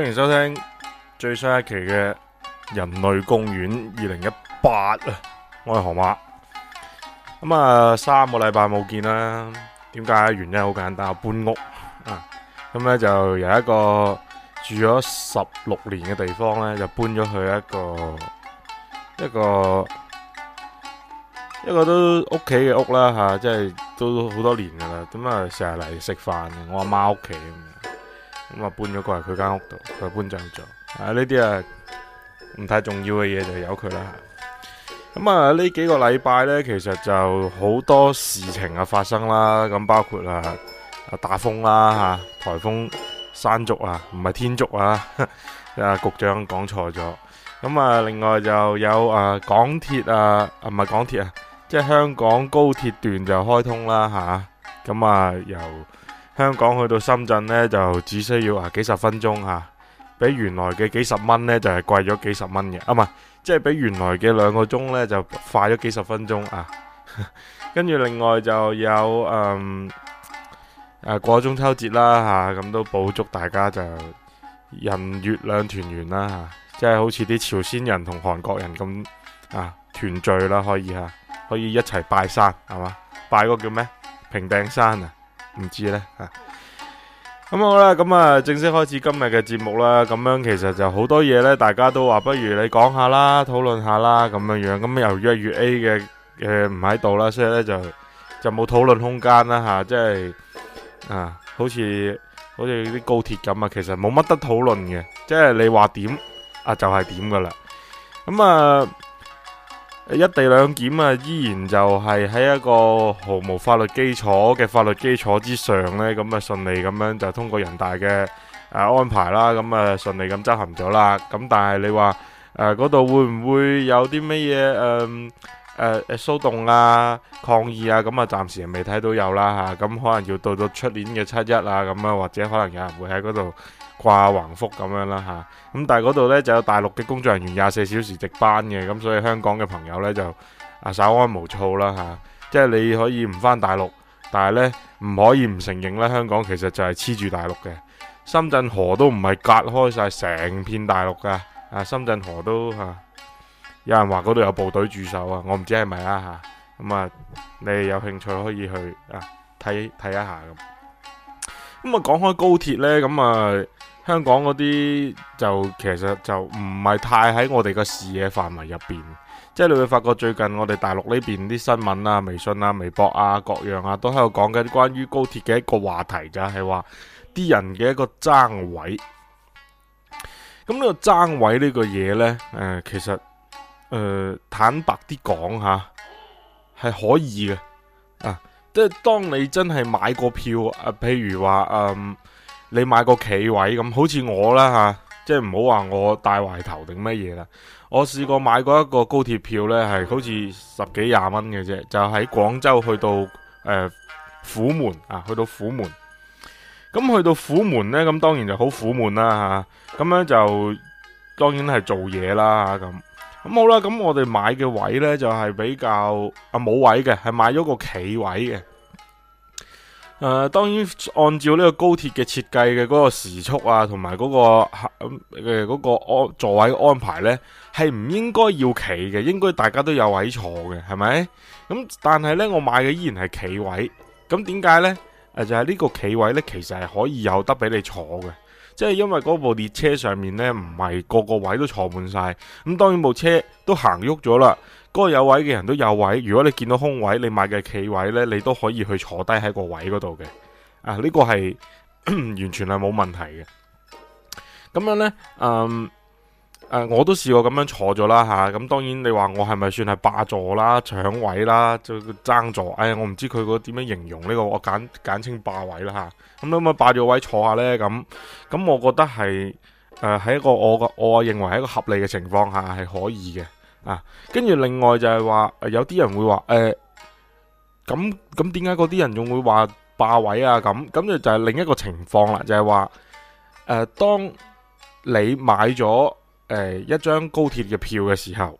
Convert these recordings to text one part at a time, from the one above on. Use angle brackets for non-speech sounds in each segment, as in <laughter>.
歡迎收聽最新一期嘅《人類公園》二零一八啊！我係河馬，咁啊三個禮拜冇見啦。點解？原因好簡單，我搬屋啊。咁咧就由一個住咗十六年嘅地方咧，就搬咗去一個一個一個都的屋企嘅屋啦吓，即係都好多年噶啦。咁啊，成日嚟食飯我阿媽屋企。咁啊，搬咗過嚟佢間屋度，佢搬走咗啊！呢啲啊唔太重要嘅嘢就由佢啦。咁啊，呢幾個禮拜呢，其實就好多事情啊發生啦。咁包括啊啊打風啦吓，啊、颱風山竹啊，唔係天竺啊，啊局長講錯咗。咁啊，另外就有啊港鐵啊，唔係港鐵啊，即係啊，香港高鐵段就開通啦吓。咁啊，啊，由香港去到深圳呢，就只需要啊幾十分鐘吓，比原來嘅幾十蚊呢，就係貴咗幾十蚊嘅，啊唔係，即係比原來嘅兩個鐘呢，就快咗幾十分鐘啊，跟住另外就有誒誒嗯啊過中秋節啦吓，咁啊都補祝大家就人月兩團圓啦吓，啊即係好似啲朝鮮人同韓國人咁啊團聚啦可以吓啊，可以一齊拜山係嘛，拜個叫咩平頂山啊？唔知呢。吓、啊、咁、嗯、好啦，咁、嗯、啊正式開始今日嘅節目啦。咁樣其實就好多嘢呢，大家都話不如你講下啦，討論下啦咁樣樣。咁、嗯、由約約 A 嘅誒唔喺度啦，所以呢，就就冇討論空間啦吓、啊，即係啊，好似好似啲高鐵咁啊，其實冇乜得討論嘅，即係你話點啊就係點㗎喇咁啊。就是一地兩檢啊，依然就係喺一個毫無法律基礎嘅法律基礎之上呢，咁啊順利咁樣就通過人大嘅啊安排啦，咁啊順利咁執行咗啦。咁但係你話誒嗰度會唔會有啲咩嘢誒誒騷動啊抗議啊？咁啊暫時未睇到有啦嚇，咁可能要到到出年嘅七一啊，咁啊或者可能有人會喺嗰度。掛橫幅咁樣啦吓，咁但係嗰度呢就有大陸嘅工作人員廿四小時值班嘅，咁所以香港嘅朋友呢就啊稍安無躁啦吓，即係你可以唔返大陸，但係呢唔可以唔承認呢香港其實就係黐住大陸嘅。深圳河都唔係隔開晒成片大陸噶，啊深圳河都吓，有人話嗰度有部隊駐守是是啊，我唔知係咪啊吓，咁啊你哋有興趣可以去啊睇睇一下咁。咁啊講開高鐵呢。咁啊。香港嗰啲就其實就唔係太喺我哋個視野範圍入邊，即係你會發覺最近我哋大陸呢邊啲新聞啊、微信啊、微博啊、各樣啊，都喺度講緊關於高鐵嘅一個話題，就係話啲人嘅一個爭位。咁呢個爭位呢個嘢呢，誒，其實誒，坦白啲講吓，係可以嘅啊，即係當你真係買個票啊，譬如話嗯。你買個企位咁，好似我啦吓，啊，即係唔好話我帶懷頭定乜嘢啦。我試過買過一個高鐵票呢，係好似十幾廿蚊嘅啫，就喺廣州去到誒虎門啊，去到虎門。咁去到虎門呢，咁當然就好虎門啦吓。咁樣就當然係做嘢啦咁。咁好啦，咁我哋買嘅位呢，就係比較啊冇位嘅，係買咗個企位嘅。誒、呃，當然按照呢個高鐵嘅設計嘅嗰個時速啊，同埋嗰個吓誒、啊呃嗰個安座位嘅安排呢，係唔應該要企嘅，應該大家都有位坐嘅，係咪？咁但係呢，我買嘅依然係企位，咁點解呢？誒、呃、就係、是、呢個企位呢，其實係可以有得俾你坐嘅，即、就、係、是、因為嗰部列車上面呢，唔係個個位都坐滿晒，咁當然部車都行喐咗啦。嗰個有位嘅人都有位，如果你見到空位，你買嘅企位呢，你都可以去坐低喺個位嗰度嘅。啊、呢、這個係完全係冇問題嘅。咁樣呢，誒、嗯啊、我都試過咁樣坐咗啦吓。咁、啊、當然你話我係咪算係霸座啦、搶位啦、爭座？哎呀，我唔知佢個點樣形容呢、這個，我簡簡稱霸位啦吓。咁你可唔可以霸咗位坐下呢？咁咁我覺得係誒喺一個我個我認為係一個合理嘅情況下係可以嘅。跟住、啊、另外就係話，有啲人會話，誒、呃，咁咁點解嗰啲人仲會話霸位啊？咁咁就就係另一個情況啦，就係、是、話，誒、呃，當你買咗誒、呃、一張高鐵嘅票嘅時候，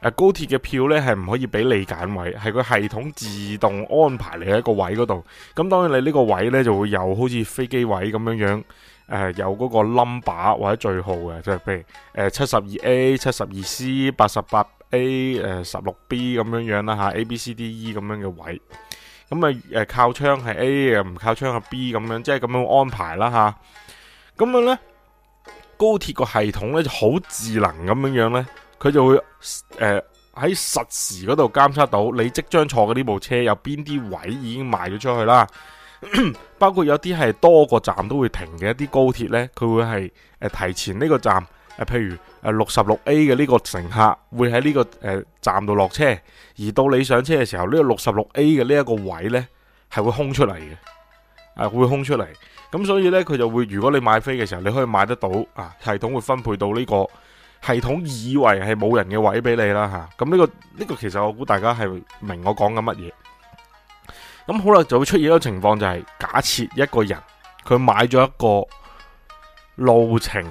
呃、高鐵嘅票呢係唔可以俾你揀位，係個系統自動安排你喺一個位嗰度。咁當然你呢個位呢就會有好似飛機位咁樣樣。誒、呃，有嗰個 number 或者序號嘅，即係譬如誒七十二 A, 72 C, A、呃、七十二 C D,、e、八十八 A、誒十六 B 咁樣樣啦吓，A、B、C、D、E 咁樣嘅位，咁啊誒靠窗係 A，唔靠窗係 B 咁樣，即係咁樣安排啦吓。咁、啊、樣呢，高鐵個系統呢就好智能咁樣樣呢，佢就會誒喺、呃、實時嗰度監測到你即將坐嘅呢部車有邊啲位已經賣咗出去啦。 <coughs> 包括有啲係多個站都會停嘅一啲高鐵呢，佢會係誒提前呢個站誒，譬如誒六十六 A 嘅呢個乘客會喺呢個誒站度落車，而到你上車嘅時候，呢個六十六 A 嘅呢一個位呢係會空出嚟嘅，啊會空出嚟，咁所以呢，佢就會，如果你買飛嘅時候，你可以買得到啊，系統會分配到呢個系統以為係冇人嘅位俾你啦吓，咁啊呢個呢個其實我估大家係明我講緊乜嘢。咁好啦，就會出現一個情況，就是，就係假設一個人佢買咗一個路程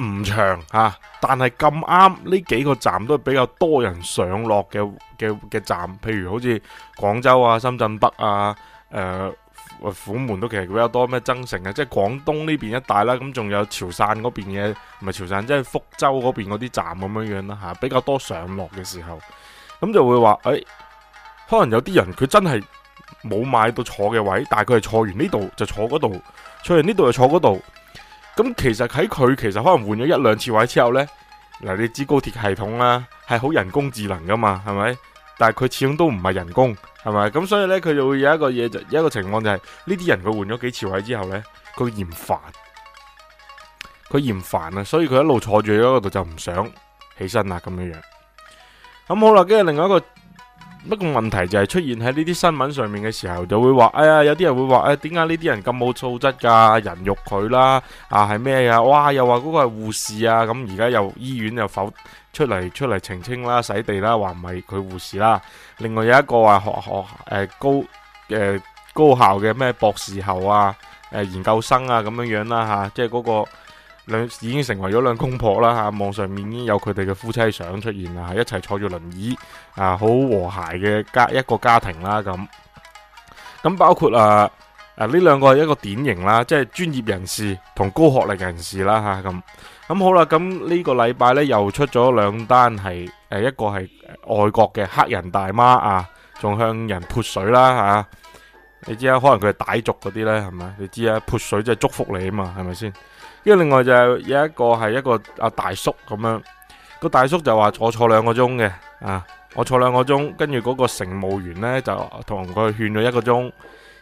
唔長吓，啊，但係咁啱呢幾個站都係比較多人上落嘅嘅嘅站，譬如好似廣州啊、深圳北啊、誒、呃、虎門都其實比較多咩增城啊，即係廣東呢邊一帶啦。咁仲有潮汕嗰邊嘅，唔係潮汕，即、就、係、是、福州嗰邊嗰啲站咁樣樣啦吓，比較多上落嘅時候，咁就會話誒、欸，可能有啲人佢真係。冇買到坐嘅位，但係佢係坐完呢度就坐嗰度，坐完呢度就坐嗰度。咁其實喺佢其實可能換咗一兩次位之後呢，嗱，你知高鐵系統啦，係好人工智能噶嘛，係咪？但係佢始終都唔係人工，係咪？咁所以呢，佢就會有一個嘢，就一個情況就係呢啲人佢換咗幾次位之後呢，佢嫌煩，佢嫌煩啊！所以佢一路坐住喺嗰度就唔想起身啦，咁樣樣。咁好啦，跟住另外一個。不過問題就係出現喺呢啲新聞上面嘅時候，就會話，哎呀，有啲人會話，誒、哎，點解呢啲人咁冇素質噶？人肉佢啦，啊，係咩呀？哇，又話嗰個係護士啊，咁而家又醫院又否出嚟出嚟澄清啦，洗地啦，話唔係佢護士啦。另外有一個話學學誒、呃、高誒、呃、高校嘅咩博士後啊、誒、呃、研究生啊咁樣樣啦、吓、啊，即係嗰個。兩已經成為咗兩公婆啦吓，網上面已經有佢哋嘅夫妻相出現啦，一齊坐住輪椅啊，好和諧嘅家一個家庭啦咁。咁包括啊，誒呢兩個係一個典型啦，即係專業人士同高學歷人士啦吓咁。咁、啊、好啦，咁呢個禮拜呢，又出咗兩單係誒一個係外國嘅黑人大媽啊，仲向人潑水啦吓、啊。你知啊，可能佢係傣族嗰啲呢，係咪？你知啊，潑水即係祝福你啊嘛，係咪先？跟住另外就係有一個係一個阿大叔咁樣，個大叔就話坐坐兩個鐘嘅，啊，我坐兩個鐘，跟住嗰個乘務員呢就同佢勸咗一個鐘，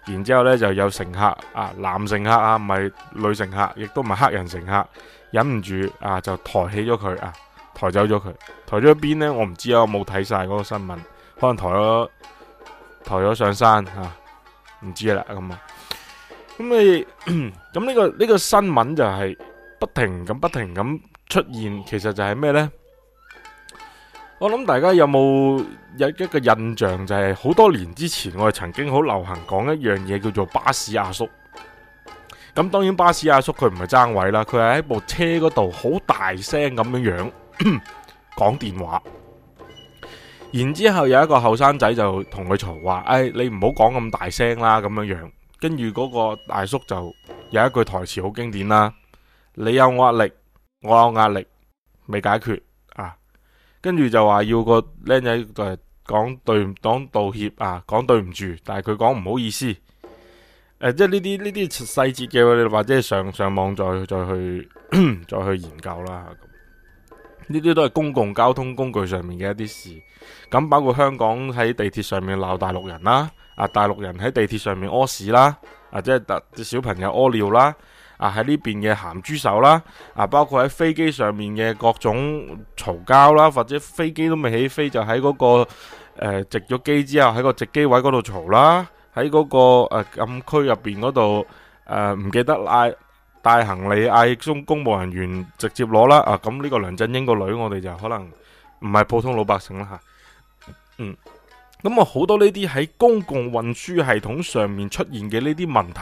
然之後呢就有乘客啊，男乘客啊，唔係女乘客，亦都唔係黑人乘客，忍唔住啊就抬起咗佢啊，抬走咗佢，抬咗邊呢，我唔知啊，我冇睇晒嗰個新聞，可能抬咗抬咗上山啊，唔知啦咁啊，咁你。 <coughs> 咁呢個呢個新聞就係不停咁不停咁出現，其實就係咩呢？我諗大家有冇有一個印象就係好多年之前，我哋曾經好流行講一樣嘢叫做巴士阿叔。咁當然巴士阿叔佢唔係爭位啦，佢係喺部車嗰度好大聲咁樣樣講電話。然之後有一個後生仔就同佢嘈話：誒，你唔好講咁大聲啦，咁樣樣。跟住嗰個大叔就有一句台詞好經典啦，你有壓力，我有壓力，未解決啊。跟住就話要個僆仔嚟講對講道歉啊，講對唔住，但係佢講唔好意思。誒，即係呢啲呢啲細節嘅，或者上上網再再去再去研究啦。呢啲都係公共交通工具上面嘅一啲事，咁包括香港喺地鐵上面鬧大陸人啦。啊！大陸人喺地鐵上面屙屎啦，啊，即係特小朋友屙尿啦，啊，喺呢邊嘅鹹豬手啦，啊，包括喺飛機上面嘅各種嘈交啦，或者飛機都未起飛就喺嗰個誒直咗機之後喺個直機位嗰度嘈啦，喺嗰個誒暗區入邊嗰度誒唔記得嗌帶行李嗌中公務人員直接攞啦啊！咁呢個梁振英個女我哋就可能唔係普通老百姓啦嚇，嗯。咁啊，好多呢啲喺公共運輸系統上面出現嘅呢啲問題，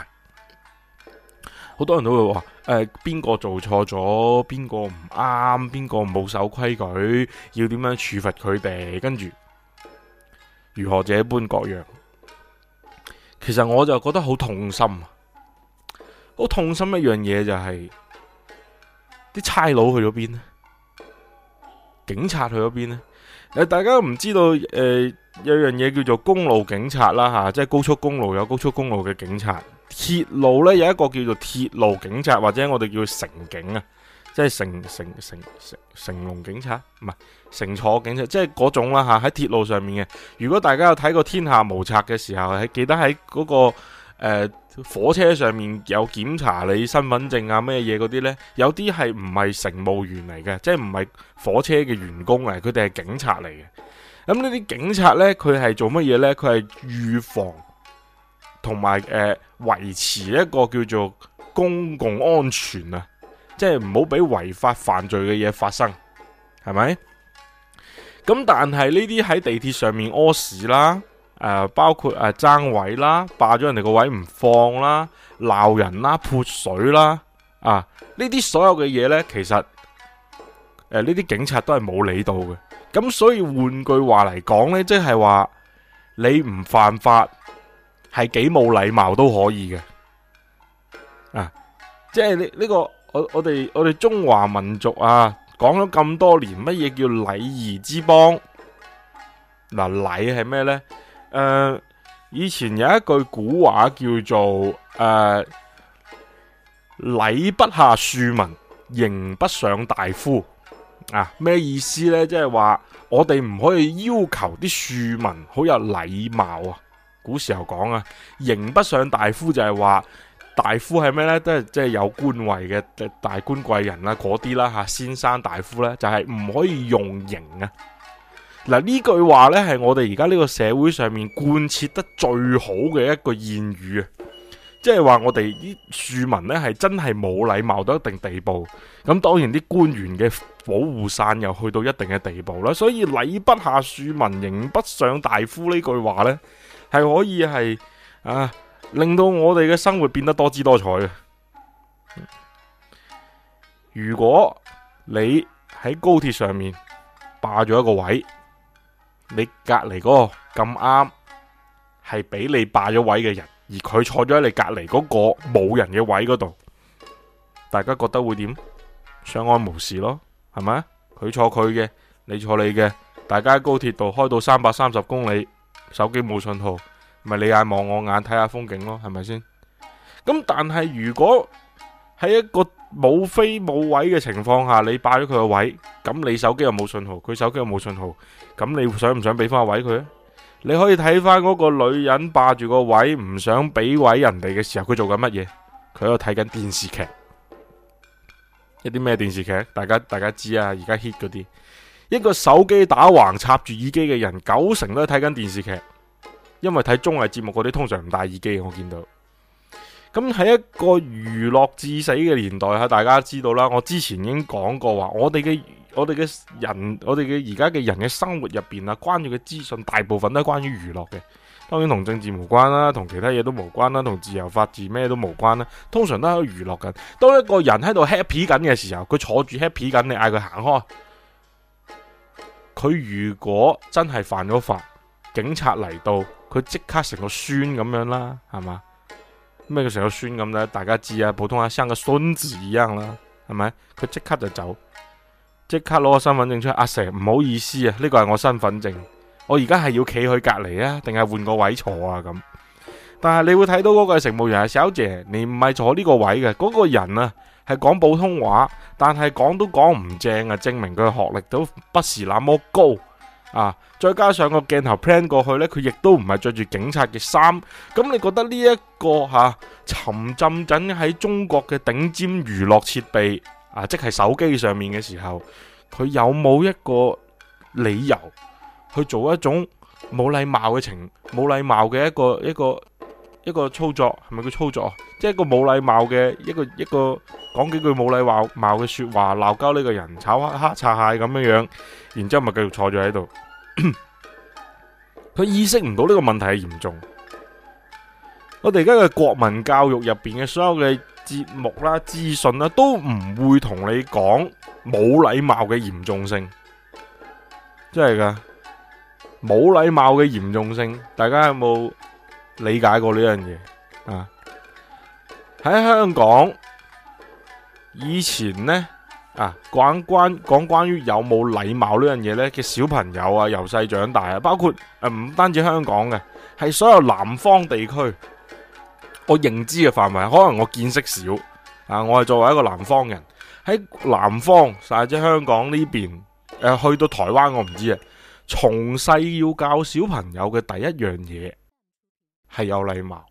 好多人都會話：誒、呃，邊個做錯咗？邊個唔啱？邊個冇守規矩？要點樣處罰佢哋？跟住如何這般各樣？其實我就覺得好痛心，好痛心一樣嘢就係啲差佬去咗邊咧？警察去咗邊咧？誒，大家唔知道誒、呃，有一樣嘢，叫做公路警察啦吓、啊，即係高速公路有高速公路嘅警察，鐵路呢，有一個叫做鐵路警察，或者我哋叫乘警啊，即係乘乘乘乘乘龍警察，唔係乘坐警察，即係嗰種啦吓，喺、啊、鐵路上面嘅。如果大家有睇過《天下無賊》嘅時候，係記得喺嗰、那個。誒、呃，火車上面有檢查你身份證啊咩嘢嗰啲呢？有啲係唔係乘務員嚟嘅，即係唔係火車嘅員工嚟，佢哋係警察嚟嘅。咁呢啲警察呢，佢係做乜嘢呢？佢係預防同埋誒維持一個叫做公共安全啊，即係唔好俾違法犯罪嘅嘢發生，係咪？咁、嗯、但係呢啲喺地鐵上面屙屎啦。誒、呃，包括誒、呃、爭位啦，霸咗人哋個位唔放啦，鬧人啦，潑水啦，啊，呢啲所有嘅嘢呢，其實誒呢啲警察都係冇理到嘅。咁所以換句話嚟講呢，即係話你唔犯法係幾冇禮貌都可以嘅。啊，即係你呢個我我哋我哋中華民族啊，講咗咁多年，乜嘢叫禮儀之邦？嗱、呃，禮係咩呢？誒、呃，以前有一句古話叫做誒，禮、呃、不下庶民，刑不上大夫。啊，咩意思呢？即係話我哋唔可以要求啲庶民好有禮貌啊。古時候講啊，刑不上大夫就係話，大夫係咩呢？都係即係有官位嘅大官貴人啦、啊，嗰啲啦吓，先生大夫呢，就係、是、唔可以用刑啊。嗱，呢句話呢係我哋而家呢個社會上面貫徹得最好嘅一個諺語啊，即係話我哋啲庶民呢係真係冇禮貌到一定地步，咁當然啲官員嘅保護傘又去到一定嘅地步啦。所以禮不下庶民，刑不上大夫呢句話呢，係可以係啊，令到我哋嘅生活變得多姿多彩嘅。如果你喺高鐵上面霸咗一個位置。你隔籬嗰個咁啱係俾你霸咗位嘅人，而佢坐咗喺你隔籬嗰個冇人嘅位嗰度，大家覺得會點？相安無事咯，係咪？佢坐佢嘅，你坐你嘅，大家喺高鐵度開到三百三十公里，手機冇信號，咪你眼望我眼睇下風景咯，係咪先？咁但係如果係一個。冇飛冇位嘅情況下，你霸咗佢個位，咁你手機又冇信號，佢手機又冇信號，咁你想唔想俾翻個位佢啊？你可以睇翻嗰個女人霸住個位，唔想俾位人哋嘅時候，佢做緊乜嘢？佢喺度睇緊電視劇，一啲咩電視劇？大家大家知啊，而家 hit 嗰啲，一個手機打橫插住耳機嘅人，九成都係睇緊電視劇，因為睇綜藝節目嗰啲通常唔戴耳機，我見到。咁喺一個娛樂至死嘅年代吓，大家知道啦。我之前已經講過話，我哋嘅我哋嘅人，我哋嘅而家嘅人嘅生活入邊啊，關注嘅資訊大部分都係關於娛樂嘅。當然同政治無關啦，同其他嘢都無關啦，同自由法治咩都無關啦。通常都喺度娛樂緊。當一個人喺度 happy 緊嘅時候，佢坐住 happy 緊，你嗌佢行開。佢如果真係犯咗法，警察嚟到，佢即刻成個孫咁樣啦，係嘛？咩叫成個孫咁咧？大家知啊，普通話像個孫子一樣啦，係咪？佢即刻就走，即刻攞個身份證出阿 Sir，唔好意思啊，呢個係我身份證，我而家係要企佢隔籬啊，定係換個位坐啊？咁，但係你會睇到嗰個乘務員小姐，你唔係坐呢個位嘅嗰、嗰個人啊，係講普通話，但係講都講唔正啊，證明佢學歷都不是那麼高。啊！再加上個鏡頭 plan 過去呢，佢亦都唔係着住警察嘅衫。咁你覺得呢一個吓、啊、沉浸緊喺中國嘅頂尖娛樂設備啊，即係手機上面嘅時候，佢有冇一個理由去做一種冇禮貌嘅情，冇禮貌嘅一個一個？一個一個操作係咪叫操作？即係一個冇禮貌嘅一個一個，講幾句冇禮貌嘅說話，鬧交呢個人炒黑茶蟹咁樣樣，然之後咪繼續坐住喺度。佢 <coughs> 意識唔到呢個問題係嚴重。我哋而家嘅國民教育入邊嘅所有嘅節目啦、啊、資訊啦，都唔會同你講冇禮貌嘅嚴重性，真係㗎冇禮貌嘅嚴重性，大家有冇？理解過呢樣嘢啊！喺香港以前呢，啊，講關講關於有冇禮貌呢樣嘢呢嘅小朋友啊，由細長大啊，包括誒唔、啊、單止香港嘅，係所有南方地區我認知嘅範圍，可能我見識少啊。我係作為一個南方人喺南方，甚至香港呢邊、啊、去到台灣我唔知啊。從細要教小朋友嘅第一樣嘢。係有禮貌。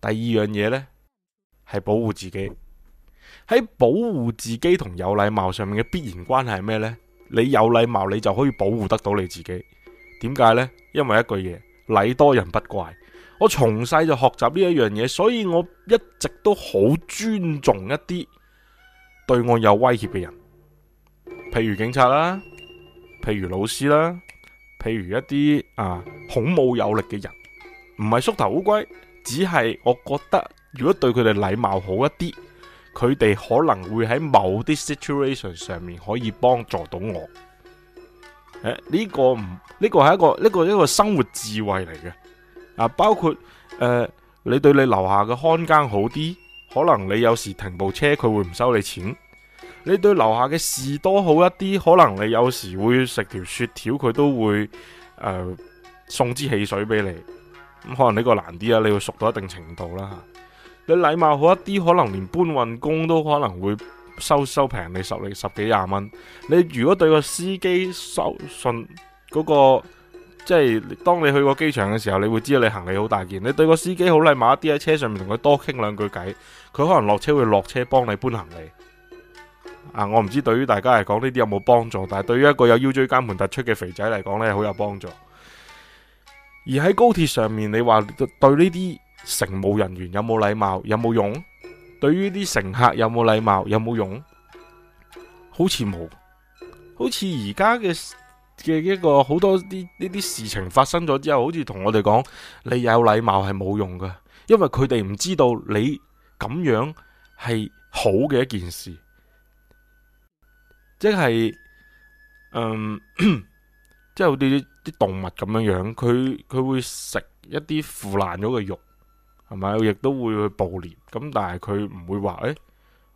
第二樣嘢呢，係保護自己。喺保護自己同有禮貌上面嘅必然關係係咩呢？你有禮貌，你就可以保護得到你自己。點解呢？因為一句嘢，禮多人不怪。我從細就學習呢一樣嘢，所以我一直都好尊重一啲對我有威脅嘅人，譬如警察啦，譬如老師啦，譬如一啲啊孔武有力嘅人。唔係縮頭烏龜，只係我覺得如果對佢哋禮貌好一啲，佢哋可能會喺某啲 situation 上面可以幫助到我。呢、欸這個唔呢個係一個呢個一個生活智慧嚟嘅。啊，包括誒、呃、你對你樓下嘅看更好啲，可能你有時停部車佢會唔收你錢。你對樓下嘅士多好一啲，可能你有時會食條雪條佢都會誒、呃、送支汽水俾你。咁可能呢個難啲啊，你會熟到一定程度啦吓。你禮貌好一啲，可能連搬運工都可能會收收平你十、你十幾廿蚊。你如果對個司機收信嗰、那個，即係當你去過機場嘅時候，你會知道你行李好大件。你對個司機好禮貌一啲，喺車上面同佢多傾兩句偈，佢可能落車會落車幫你搬行李。啊，我唔知對於大家嚟講呢啲有冇幫助，但係對於一個有腰椎間盤突出嘅肥仔嚟講呢，好有幫助。而喺高鐵上面，你話對呢啲乘務人員有冇禮貌，有冇用？對於啲乘客有冇禮貌，有冇用？好似冇，好似而家嘅嘅一個好多啲呢啲事情發生咗之後，好似同我哋講，你有禮貌係冇用㗎，因為佢哋唔知道你咁樣係好嘅一件事，即係，嗯。即係好似啲動物咁樣樣佢佢會食一啲腐爛咗嘅肉，係咪？亦都會去捕獵咁，但係佢唔會話，誒、欸，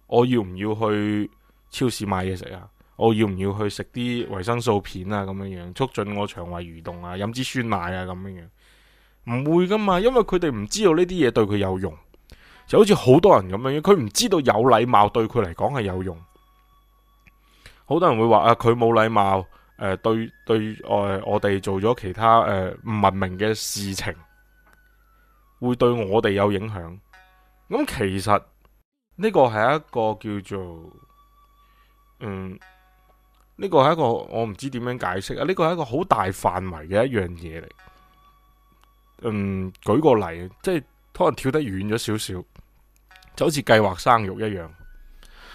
我要唔要去超市買嘢食啊？我要唔要去食啲維生素片啊？咁樣樣促進我腸胃蠕動啊，飲支酸奶啊，咁樣樣唔會噶嘛，因為佢哋唔知道呢啲嘢對佢有用。就好似好多人咁樣樣佢唔知道有禮貌對佢嚟講係有用。好多人會話，啊，佢冇禮貌。誒、呃，對對，呃、我哋做咗其他誒唔、呃、文明嘅事情，會對我哋有影響。咁、嗯、其實呢、這個係一個叫做，嗯，呢、這個係一個我唔知點樣解釋啊。呢、這個係一個好大範圍嘅一樣嘢嚟。嗯，舉個例，即係可能跳得遠咗少少，就好似計劃生育一樣，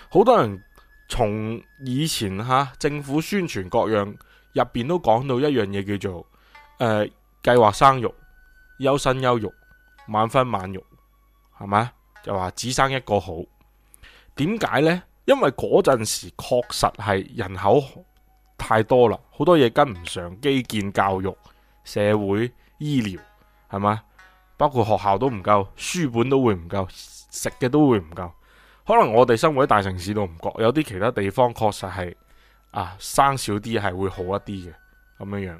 好多人。從以前哈政府宣傳各樣，入邊都講到一樣嘢叫做、呃、計劃生育，優生優育，晚婚晚育，係咪？就話只生一個好。點解呢？因為嗰陣時確實係人口太多啦，好多嘢跟唔上，基建、教育、社會、醫療，係咪？包括學校都唔夠，書本都會唔夠，食嘅都會唔夠。可能我哋生活喺大城市都唔覺，有啲其他地方確實係啊，生少啲係會好一啲嘅咁樣樣，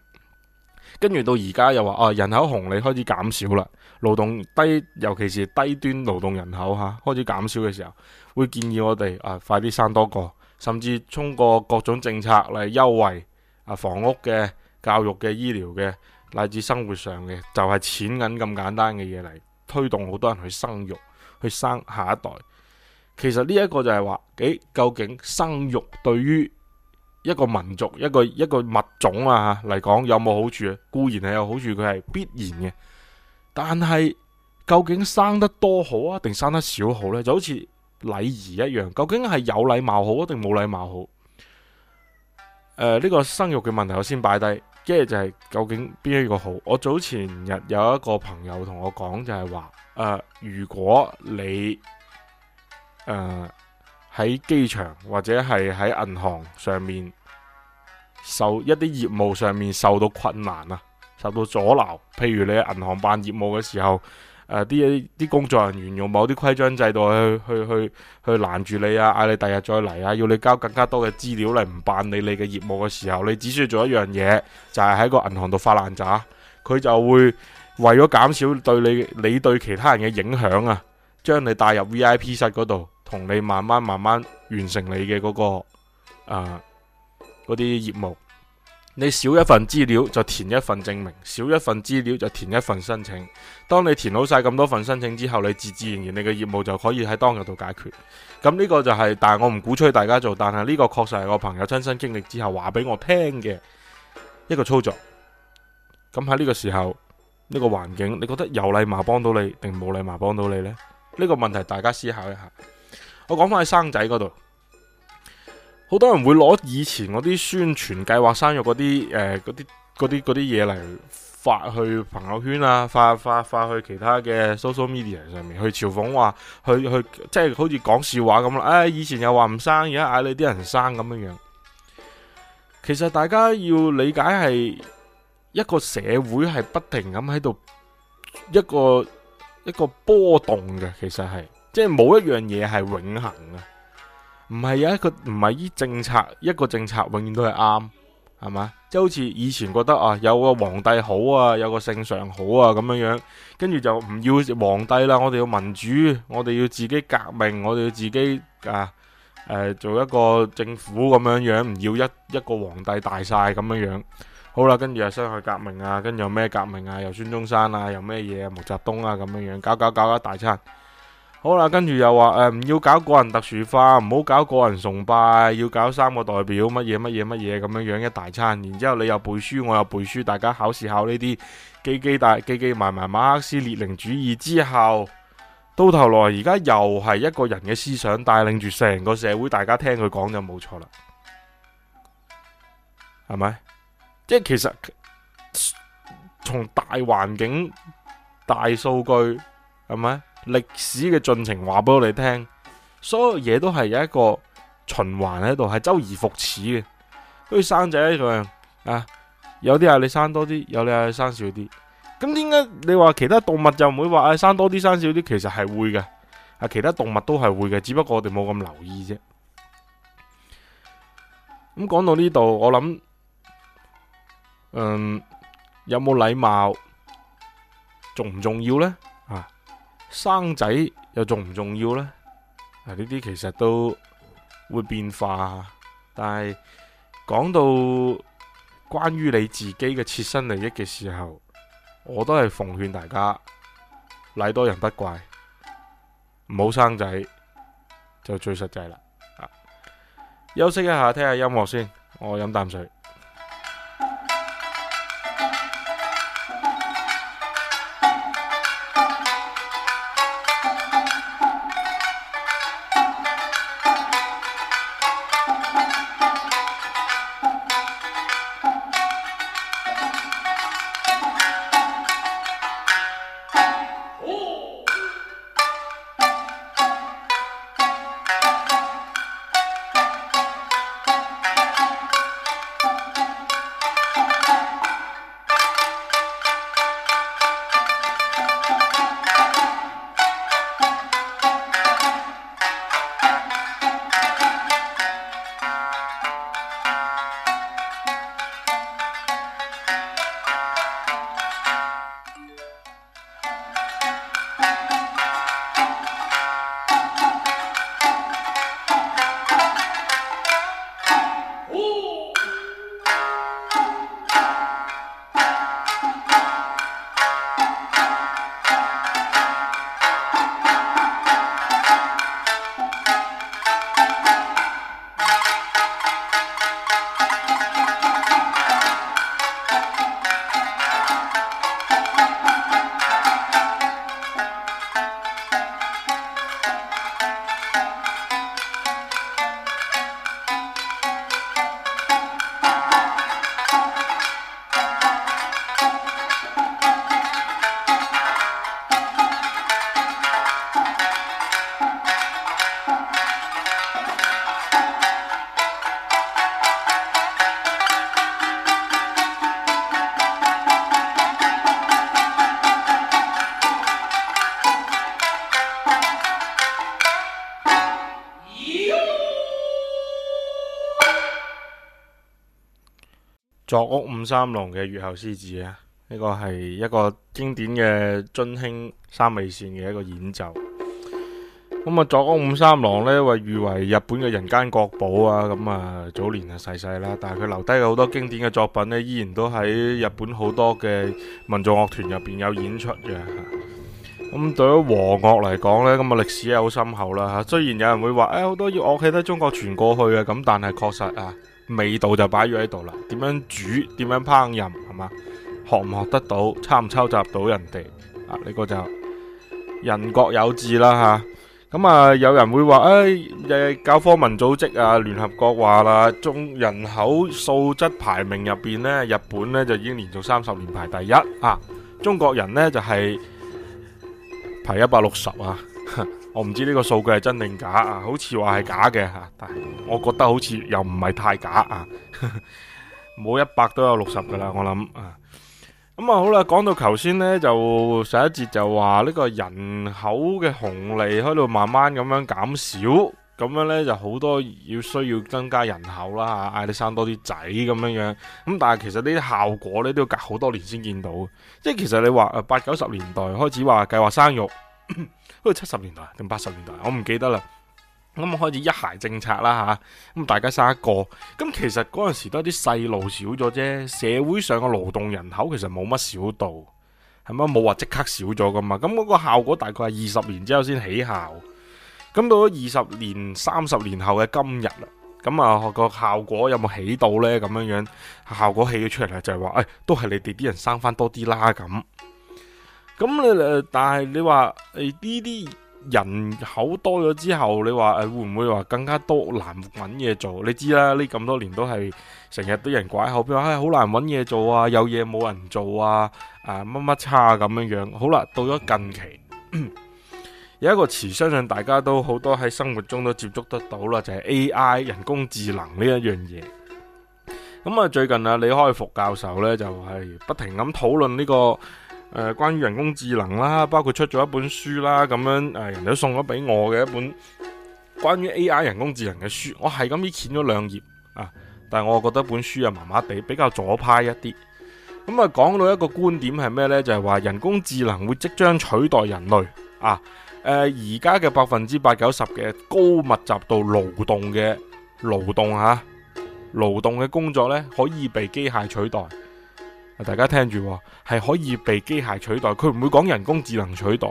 跟住到而家又話啊，人口紅利開始減少啦，勞動低尤其是低端勞動人口吓、啊、開始減少嘅時候，會建議我哋啊快啲生多個，甚至通過各種政策嚟優惠啊，房屋嘅、教育嘅、醫療嘅乃至生活上嘅，就係、是、錢銀咁簡單嘅嘢嚟推動好多人去生育去生下一代。其實呢一個就係話，誒，究竟生育對於一個民族、一個一個物種啊嚟講有冇好處？固然係有好處，佢係必然嘅。但係究竟生得多好啊，定生得少好呢？就好似禮儀一樣，究竟係有禮貌好啊，定冇禮貌好？誒，呢、呃這個生育嘅問題我先擺低，一係就係究竟邊一個好？我早前日有一個朋友同我講就係話，誒、呃，如果你誒，喺機場或者係喺銀行上面受一啲業務上面受到困難啊，受到阻撓。譬如你喺銀行辦業務嘅時候，啲啲工作人員用某啲規章制度去去去去攔住你啊，嗌，你第日再嚟啊，要你交更加多嘅資料嚟唔辦理你嘅業務嘅時候，你只需要做一樣嘢，就係喺個銀行度發爛渣，佢就會為咗減少對你你對其他人嘅影響啊，將你帶入 VIP 室嗰度。同你慢慢慢慢完成你嘅嗰個啊嗰啲業務，你少一份資料就填一份證明，少一份資料就填一份申請。當你填好晒咁多份申請之後，你自自然然你嘅業務就可以喺當日度解決。咁呢個就係，但係我唔鼓吹大家做，但係呢個確實係我朋友親身經歷之後話俾我聽嘅一個操作。咁喺呢個時候呢個環境，你覺得有禮貌幫到你，定冇禮貌幫到你呢？呢個問題大家思考一下。我講翻喺生仔嗰度，好多人會攞以前嗰啲宣傳計劃生育嗰啲誒啲啲啲嘢嚟發去朋友圈啊，發發發去其他嘅 social media 上面去嘲諷話，去去即係好似講笑話咁啦。唉、哎，以前又話唔生，而家嗌你啲人生咁樣樣。其實大家要理解係一個社會係不停咁喺度一個一個波動嘅，其實係。即係冇一樣嘢係永恆嘅，唔係有一個唔係呢政策，一個政策永遠都係啱，係嘛？即係好似以前覺得啊，有個皇帝好啊，有個聖上好啊咁樣樣，跟住就唔要皇帝啦，我哋要民主，我哋要自己革命，我哋要自己啊誒、呃、做一個政府咁樣樣，唔要一一個皇帝大晒咁樣樣。好啦，跟住又辛亥革命啊，跟住又咩革命啊，又孫中山啊，又咩嘢啊，毛澤東啊咁樣樣，搞搞搞一大餐。好啦，跟住又話誒，唔要搞個人特殊化，唔好搞個人崇拜，要搞三個代表乜嘢乜嘢乜嘢咁樣樣一大餐。然之後你又背書，我又背書，大家考試考呢啲基基大基基埋埋埋馬克思列寧主義之後，到頭來而家又係一個人嘅思想帶領住成個社會，大家聽佢講就冇錯啦，係咪？即係其實從大環境、大數據，係咪？歷史嘅進程話俾我哋聽，所有嘢都係有一個循環喺度，係周而復始嘅。好似生仔一樣啊，有啲叫你生多啲，有啲叫你生少啲。咁點解你話其他動物就唔會話啊生多啲生少啲？其實係會嘅，係其他動物都係會嘅，只不過我哋冇咁留意啫。咁講到呢度，我諗，嗯，有冇禮貌重唔重要呢？生仔又重唔重要呢？啊，呢啲其實都會變化，但係講到關於你自己嘅切身利益嘅時候，我都係奉勸大家，禮多人不怪，唔好生仔就最實際啦。休息一下，聽下音樂先，我飲啖水。作屋五三郎嘅月後獅子啊，呢個係一個經典嘅津輕三味線嘅一個演奏。咁啊，作屋五三郎呢，話譽為日本嘅人間國寶啊。咁啊，早年啊，逝世啦，但係佢留低嘅好多經典嘅作品呢，依然都喺日本好多嘅民族樂團入邊有演出嘅。咁對於和樂嚟講呢，咁啊歷史係好深厚啦。吓，雖然有人會話啊，哎，好多樂，樂器都中國傳過去嘅，咁但係確實啊，味道就擺咗喺度啦。點樣煮？點樣烹飪？係嘛？學唔學得到？抄唔抄襲到人哋？啊，呢個就人各有志啦，吓咁啊！有人會話，誒，教科文組織啊，聯合國話啦，中人口素質排名入邊呢，日本呢就已經連續三十年排第一啊，中國人呢就係排一百六十啊，我唔知呢個數據係真定假啊，好似話係假嘅吓，但係我覺得好似又唔係太假啊。呵呵冇一百都有六十噶啦，我諗啊，咁啊好啦，講到頭先呢，就上一節就話呢個人口嘅紅利喺度慢慢咁樣減少，咁樣呢，就好多要需要增加人口啦吓，嗌你生多啲仔咁樣樣，咁但係其實呢啲效果呢，都要隔好多年先見到，即係其實你話八九十年代開始話計劃生育，好似 <coughs> 七十年代定八十年代，我唔記得啦。咁啊，開始一孩政策啦吓，咁大家生一個。咁其實嗰陣時都係啲細路少咗啫，社會上嘅勞動人口其實冇乜少到，係咪冇話即刻少咗噶嘛？咁、那、嗰個效果大概係二十年之後先起效。咁到咗二十年、三十年後嘅今日啦，咁、那、啊個效果有冇起到呢？咁樣樣效果起咗出嚟就係話，誒、哎、都係你哋啲人生翻多啲啦咁。咁你誒，但係你話誒呢啲？哎人口多咗之後，你話誒會唔會話更加多難揾嘢做？你知啦，呢咁多年都係成日都人拐後邊話，唉，好、哎、難揾嘢做啊，有嘢冇人做啊，啊乜乜差咁、啊、樣樣。好啦，到咗近期有一個詞，相信大家都好多喺生活中都接觸得到啦，就係、是、AI 人工智能呢一樣嘢。咁、嗯、啊，最近啊，李開復教授呢就係、是、不停咁討論呢、這個。誒、呃，關於人工智能啦，包括出咗一本書啦，咁樣誒，人都送咗俾我嘅一本關於 A.I. 人工智能嘅書，我係咁于淺咗兩頁啊，但係我啊覺得本書啊麻麻地，比較左派一啲，咁啊講到一個觀點係咩呢？就係、是、話人工智能會即將取代人類啊！而家嘅百分之八九十嘅高密集度勞動嘅勞動吓、啊，勞動嘅工作咧可以被機械取代。大家聽住，係可以被機械取代，佢唔會講人工智能取代。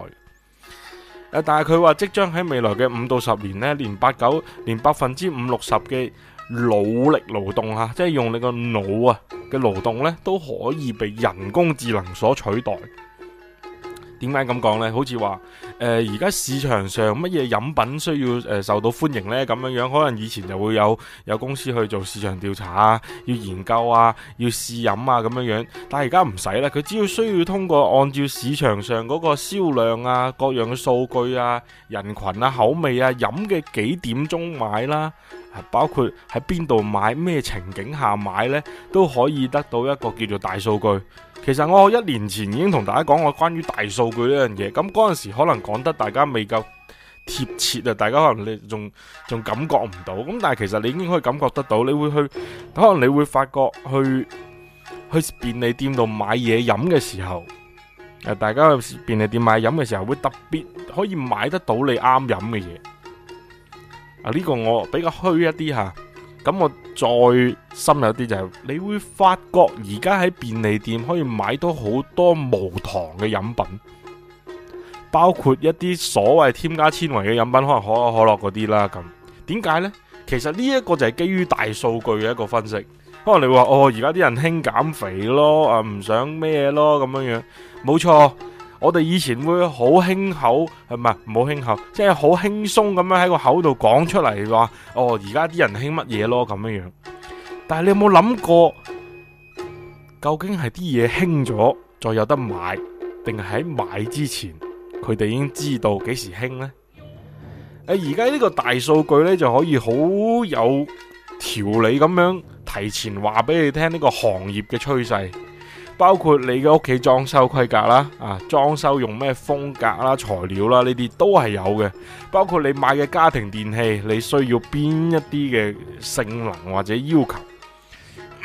但係佢話即將喺未來嘅五到十年呢，連八九，連百分之五六十嘅腦力勞動吓，即係用你個腦啊嘅勞動呢，都可以被人工智能所取代。點解咁講呢？好似話誒，而家市場上乜嘢飲品需要誒、呃、受到歡迎呢？咁樣樣可能以前就會有有公司去做市場調查啊，要研究啊，要試飲啊，咁樣樣。但係而家唔使啦，佢只要需要通過按照市場上嗰個銷量啊、各樣嘅數據啊、人群啊、口味啊、飲嘅幾點鐘買啦，包括喺邊度買、咩情景下買呢，都可以得到一個叫做大數據。其實我一年前已經同大家講過關於大數據呢樣嘢，咁嗰陣時可能講得大家未夠貼切啊，大家可能你仲仲感覺唔到，咁但係其實你已經可以感覺得到，你會去，可能你會發覺去去便利店度買嘢飲嘅時候，誒，大家去便利店買飲嘅時候會特別可以買得到你啱飲嘅嘢，啊、這、呢個我比較虛一啲吓。咁我再深入啲就係，你會發覺而家喺便利店可以買到好多無糖嘅飲品，包括一啲所謂添加纖維嘅飲品，可能可口可樂嗰啲啦。咁點解呢？其實呢一個就係基於大數據嘅一個分析。可能你話哦，而家啲人興減肥咯，啊唔想咩嘢咯咁樣樣，冇錯。我哋以前會好輕口，係咪唔好輕口？即係好輕鬆咁樣喺個口度講出嚟話哦，而家啲人興乜嘢咯咁樣樣。但係你有冇諗過，究竟係啲嘢興咗再有得買，定係喺買之前佢哋已經知道幾時興呢？誒，而家呢個大數據呢，就可以好有條理咁樣提前話俾你聽呢個行業嘅趨勢。包括你嘅屋企裝修規格啦，啊，裝修用咩風格啦、材料啦呢啲都係有嘅。包括你買嘅家庭電器，你需要邊一啲嘅性能或者要求。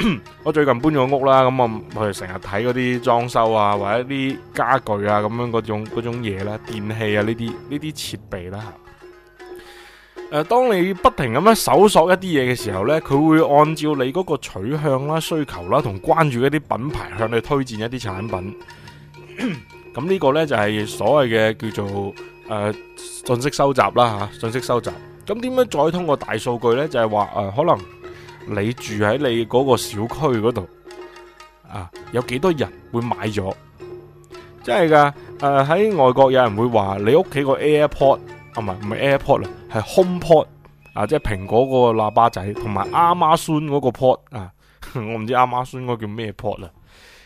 <coughs> 我最近搬咗屋啦，咁我我哋成日睇嗰啲裝修啊，或者啲家具啊咁樣嗰種嗰種嘢啦、啊，電器啊呢啲呢啲設備啦、啊。誒，當你不停咁樣搜索一啲嘢嘅時候呢，佢會按照你嗰個取向啦、需求啦同關注一啲品牌向你推薦一啲產品。咁呢 <coughs> 個呢，就係所謂嘅叫做誒信息收集啦吓，信息收集。咁、啊、點樣再通過大數據呢，就係話誒，可能你住喺你嗰個小區嗰度啊，有幾多人會買咗？真係噶！誒、呃、喺外國有人會話你屋企個 AirPod。同埋唔係 AirPod 啦，係、啊、HomePod 啊，即係蘋果嗰個喇叭仔，同埋亞馬遜嗰個 Pod 啊，我唔知亞馬遜嗰叫咩 Pod 啦。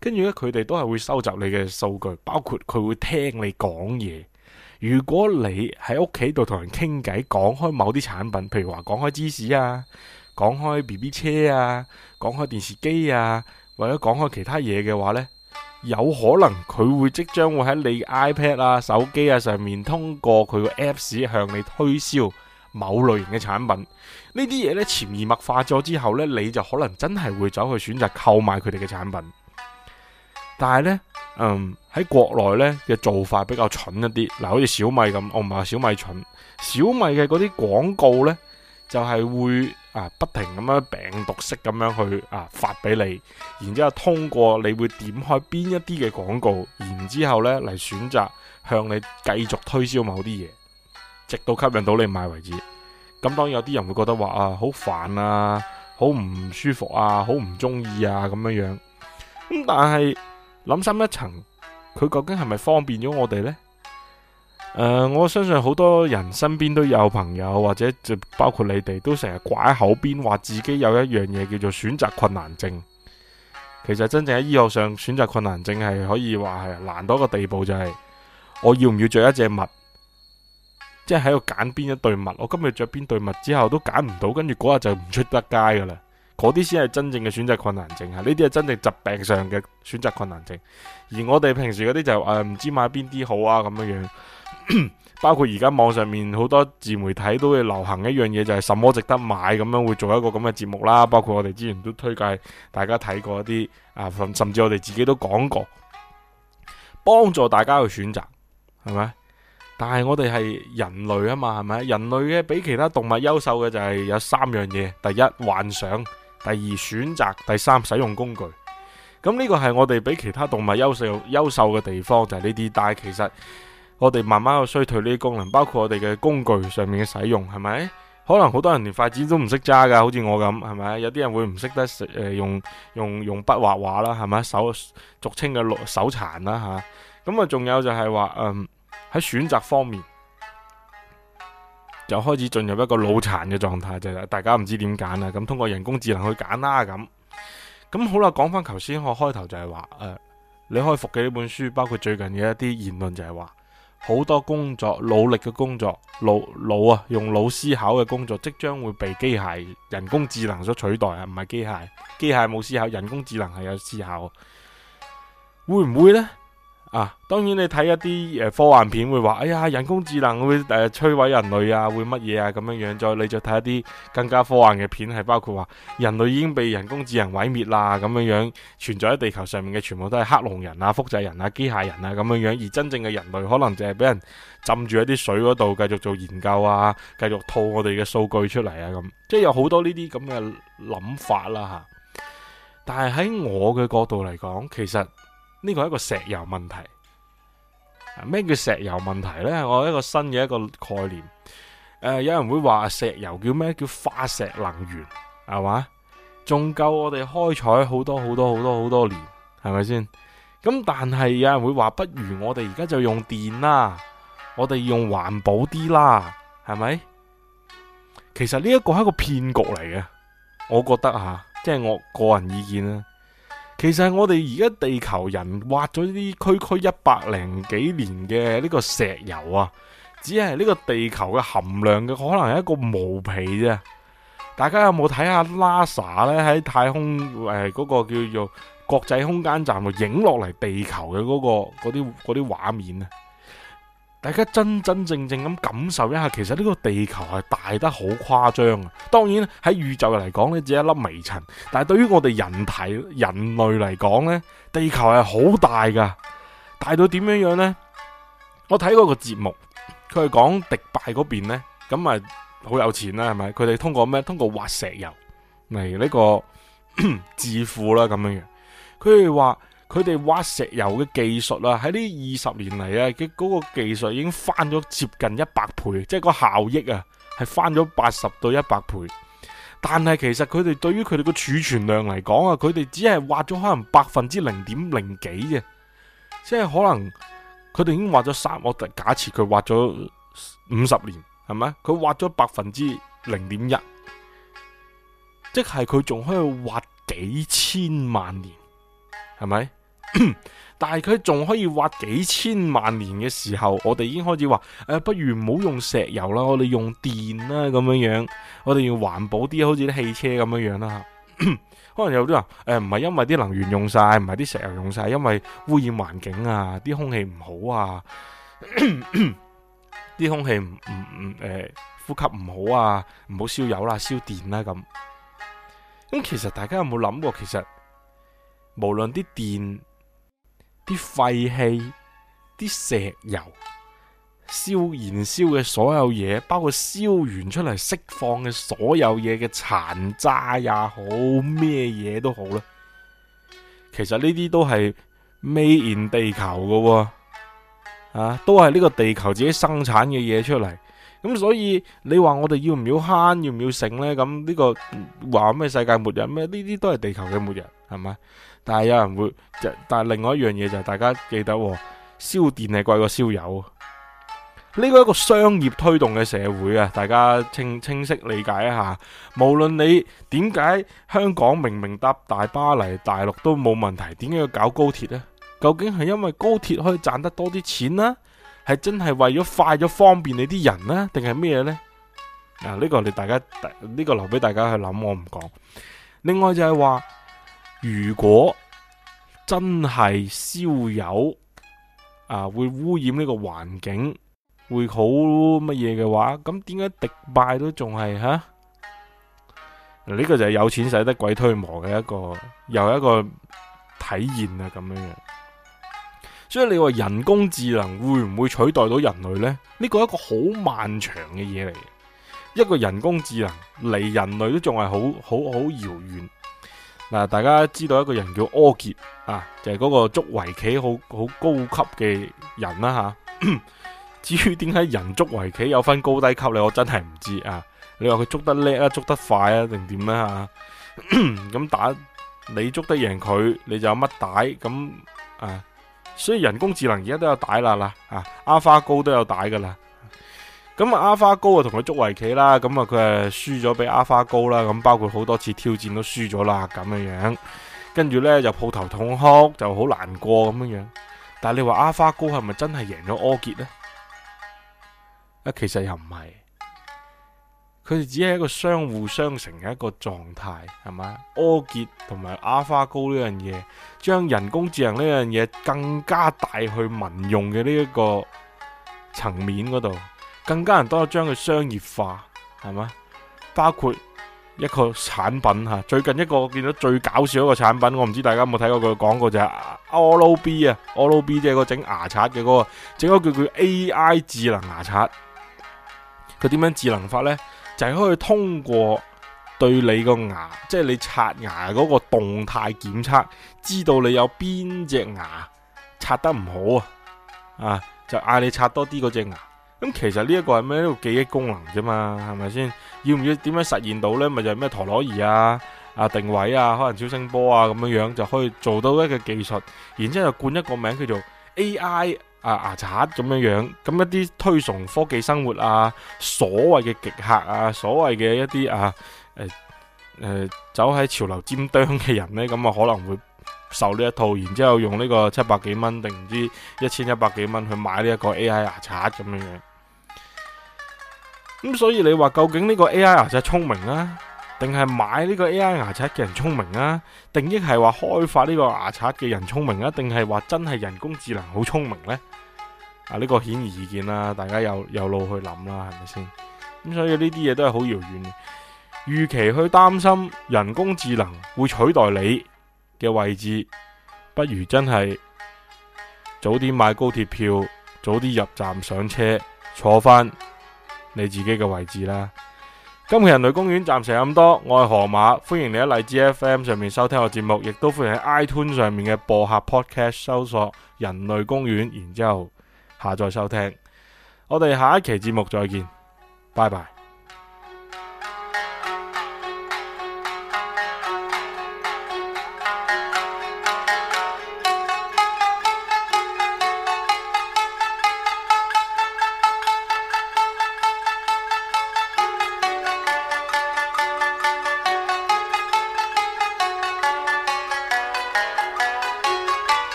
跟住呢，佢哋都係會收集你嘅數據，包括佢會聽你講嘢。如果你喺屋企度同人傾偈，講開某啲產品，譬如話講開芝士啊，講開 B B 車啊，講開電視機啊，或者講開其他嘢嘅話呢。有可能佢會即將會喺你 iPad 啊、手機啊上面通過佢個 Apps 向你推銷某類型嘅產品，呢啲嘢呢，潛移默化咗之後呢，你就可能真係會走去選擇購買佢哋嘅產品。但係呢，嗯，喺國內呢，嘅做法比較蠢一啲，嗱，好似小米咁，我唔係話小米蠢，小米嘅嗰啲廣告呢，就係會。啊！不停咁樣病毒式咁樣去啊發俾你，然之後通過你會點開邊一啲嘅廣告，然之後呢嚟選擇向你繼續推銷某啲嘢，直到吸引到你買為止。咁當然有啲人會覺得話啊好煩啊，好唔舒服啊，好唔中意啊咁樣樣。嗯，但係諗深一層，佢究竟係咪方便咗我哋呢？誒、呃，我相信好多人身邊都有朋友或者就包括你哋都成日掛喺口邊，話自己有一樣嘢叫做選擇困難症。其實真正喺醫學上選擇困難症係可以話係難到個地步，就是要要，就係我要唔要着一隻襪，即係喺度揀邊一對襪，我今日着邊對襪之後都揀唔到，跟住嗰日就唔出得街噶啦。嗰啲先係真正嘅選擇困難症啊！呢啲係真正疾病上嘅選擇困難症，而我哋平時嗰啲就誒、是、唔知買邊啲好啊咁樣樣。 <coughs> 包括而家網上面好多自媒體都會流行一樣嘢，就係什麼值得買咁樣會做一個咁嘅節目啦。包括我哋之前都推介大家睇過一啲啊，甚甚至我哋自己都講過，幫助大家去選擇，係咪？但係我哋係人類啊嘛，係咪？人類嘅比其他動物優秀嘅就係有三樣嘢：，第一，幻想。第二選擇，第三使用工具，咁呢個係我哋比其他動物優秀優秀嘅地方就係呢啲，但係其實我哋慢慢去衰退呢啲功能，包括我哋嘅工具上面嘅使用係咪？可能好多人連筷子都唔識揸㗎，好似我咁係咪？有啲人會唔識得誒用用用筆畫畫啦，係咪？手俗稱嘅手殘啦吓，咁啊仲有就係話嗯喺選擇方面。就開始進入一個腦殘嘅狀態，就係、是、大家唔知點揀啦，咁通過人工智能去揀啦，咁咁好啦，講翻頭先我開頭就係話，誒、呃，你可以服嘅呢本書，包括最近嘅一啲言論就係話，好多工作、努力嘅工作、腦腦啊，用腦思考嘅工作，即將會被機械、人工智能所取代啊，唔係機械，機械冇思考，人工智能係有思考，會唔會呢？啊，當然你睇一啲誒科幻片會話，哎呀，人工智能會誒摧毀人類啊，會乜嘢啊咁樣樣，再你再睇一啲更加科幻嘅片，係包括話人類已經被人工智能毀滅啦，咁樣樣存在喺地球上面嘅全部都係克隆人啊、複製人啊、機械人啊咁樣樣，而真正嘅人類可能就係俾人浸住喺啲水嗰度繼續做研究啊，繼續套我哋嘅數據出嚟啊，咁即係有好多呢啲咁嘅諗法啦、啊、吓。但係喺我嘅角度嚟講，其實。呢個係一個石油問題。咩叫石油問題呢？我有一個新嘅一個概念。誒、呃，有人會話石油叫咩？叫化石能源係嘛？仲夠我哋開採好多好多好多好多年，係咪先？咁但係有人會話不如我哋而家就用電啦，我哋用環保啲啦，係咪？其實呢一個係一個騙局嚟嘅，我覺得吓、啊，即係我個人意見啦。其實我哋而家地球人挖咗呢啲區區一百零幾年嘅呢個石油啊，只係呢個地球嘅含量嘅可能係一個毛皮啫。大家有冇睇下拉薩咧喺太空誒嗰、呃那個叫做國際空間站度影落嚟地球嘅嗰、那個嗰啲嗰啲畫面大家真真正正咁感受一下，其實呢個地球係大得好誇張嘅。當然喺宇宙嚟講呢，只係一粒微塵。但係對於我哋人體人類嚟講呢，地球係好大噶，大到點樣樣呢？我睇過一個節目，佢係講迪拜嗰邊呢，咁啊好有錢啦，係咪？佢哋通過咩？通過挖石油嚟呢，這個致富啦，咁樣 <coughs> 樣。佢哋話。佢哋挖石油嘅技術啦，喺呢二十年嚟啊，佢嗰個技術已經翻咗接近一百倍，即係個效益啊，係翻咗八十到一百倍。但係其實佢哋對於佢哋個儲存量嚟講啊，佢哋只係挖咗可能百分之零點零幾啫，即係可能佢哋已經挖咗三，我特假設佢挖咗五十年，係咪？佢挖咗百分之零點一，即係佢仲可以挖幾千萬年，係咪？ <coughs> 但係佢仲可以挖幾千萬年嘅時候，我哋已經開始話，誒、欸，不如唔好用石油啦，我哋用電啦咁樣樣，我哋要環保啲，好似啲汽車咁樣樣、啊、啦 <coughs> 可能有啲話，誒、欸，唔係因為啲能源用晒，唔係啲石油用晒，因為污染環境啊，啲空氣唔好啊，啲 <coughs> 空氣唔唔，誒、呃，呼吸唔好啊，唔好燒油啦，燒電啦咁。咁其實大家有冇諗過，其實無論啲電。啲廢氣、啲石油燒燃燒嘅所有嘢，包括燒完出嚟釋放嘅所有嘢嘅殘渣也好，咩嘢都好啦。其實呢啲都係 made in 地球噶、啊，啊，都係呢個地球自己生產嘅嘢出嚟。咁所以你話我哋要唔要慳，要唔要剩呢？咁呢、呢個話咩世界末日咩？呢啲都係地球嘅末日，係咪？但係有人會，但係另外一樣嘢就係大家記得、哦，燒電係貴過燒油。呢個一個商業推動嘅社會啊，大家清清晰理解一下。無論你點解香港明明搭大巴嚟，大陸都冇問題，點解要搞高鐵呢？究竟係因為高鐵可以賺得多啲錢呢、啊？係真係為咗快咗方便你啲人呢、啊？定係咩呢？啊，呢、呢個你大家呢、呢個留俾大家去諗，我唔講。另外就係話。如果真係燒油啊，會污染呢個環境，會好乜嘢嘅話，咁點解迪拜都仲係吓？呢個就係有錢使得鬼推磨嘅一個又一個體驗啊，咁樣樣。所以你話人工智能會唔會取代到人類呢？呢個一個好漫長嘅嘢嚟，一個人工智能離人類都仲係好好好遙遠。嗱，大家知道一個人叫柯潔啊，就係、是、嗰個捉圍棋好好高級嘅人啦吓、啊。至於點解人捉圍棋有分高低級咧，我真係唔知道啊。你話佢捉得叻啊，捉得快啊，定點咧？咁打你捉得贏佢，你就有乜帶咁啊？所以人工智能而家都有帶啦啦啊，阿花高都有帶噶啦。咁阿花高啊，同佢捉圍棋啦，咁啊佢係輸咗俾阿花高啦，咁包括好多次挑戰都輸咗啦，咁樣樣，跟住呢，就抱頭痛哭，就好難過咁樣樣。但係你話阿花高係咪真係贏咗柯傑呢？啊，其實又唔係，佢哋只係一個相互相成嘅一個狀態，係咪？柯傑同埋阿花高呢樣嘢，將人工智能呢樣嘢更加帶去民用嘅呢一個層面嗰度。更加人多將佢商業化，係嘛？包括一個產品吓，最近一個我見到最搞笑一個產品，我唔知大家有冇睇過佢講過就係、是、OLOB 啊，OLOB 即係個整牙刷嘅、嗰個，整個叫叫 AI 智能牙刷，佢點樣智能法咧？就係、是、可以通過對你個牙，即、就、係、是、你刷牙嗰個動態檢測，知道你有邊隻牙刷得唔好啊？啊，就嗌你刷多啲嗰隻牙。咁其實呢一個係咩呢個記憶功能啫嘛，係咪先？要唔要點樣實現到呢？咪就係咩陀螺儀啊、啊定位啊、可能超聲波啊咁樣樣就可以做到一個技術，然之後又冠一個名叫做 AI 啊牙刷咁樣樣。咁一啲推崇科技生活啊、所謂嘅極客啊、所謂嘅一啲啊、呃呃、走喺潮流尖端嘅人呢，咁啊可能會受呢一套，然之後用呢個七百幾蚊定唔知一千一百幾蚊去買呢一個 AI 牙刷咁樣樣。咁所以你話究竟呢個 A.I. 牙刷聰明啊？定係買呢個 A.I. 牙刷嘅人聰明啊？定抑係話開發呢個牙刷嘅人聰明啊？定係話真係人工智能好聰明呢？啊呢個顯而易見啦，大家有有路去諗啦，係咪先？咁所以呢啲嘢都係好遙遠嘅，預期去擔心人工智能會取代你嘅位置，不如真係早啲買高鐵票，早啲入站上車，坐返。你自己嘅位置啦。今期人類公園暫時有咁多，我係河馬，歡迎你喺荔枝 FM 上面收聽我節目，亦都歡迎喺 iTunes 上面嘅播客 Podcast 搜索《人類公園》，然之後下載收聽。我哋下一期節目再見，拜拜。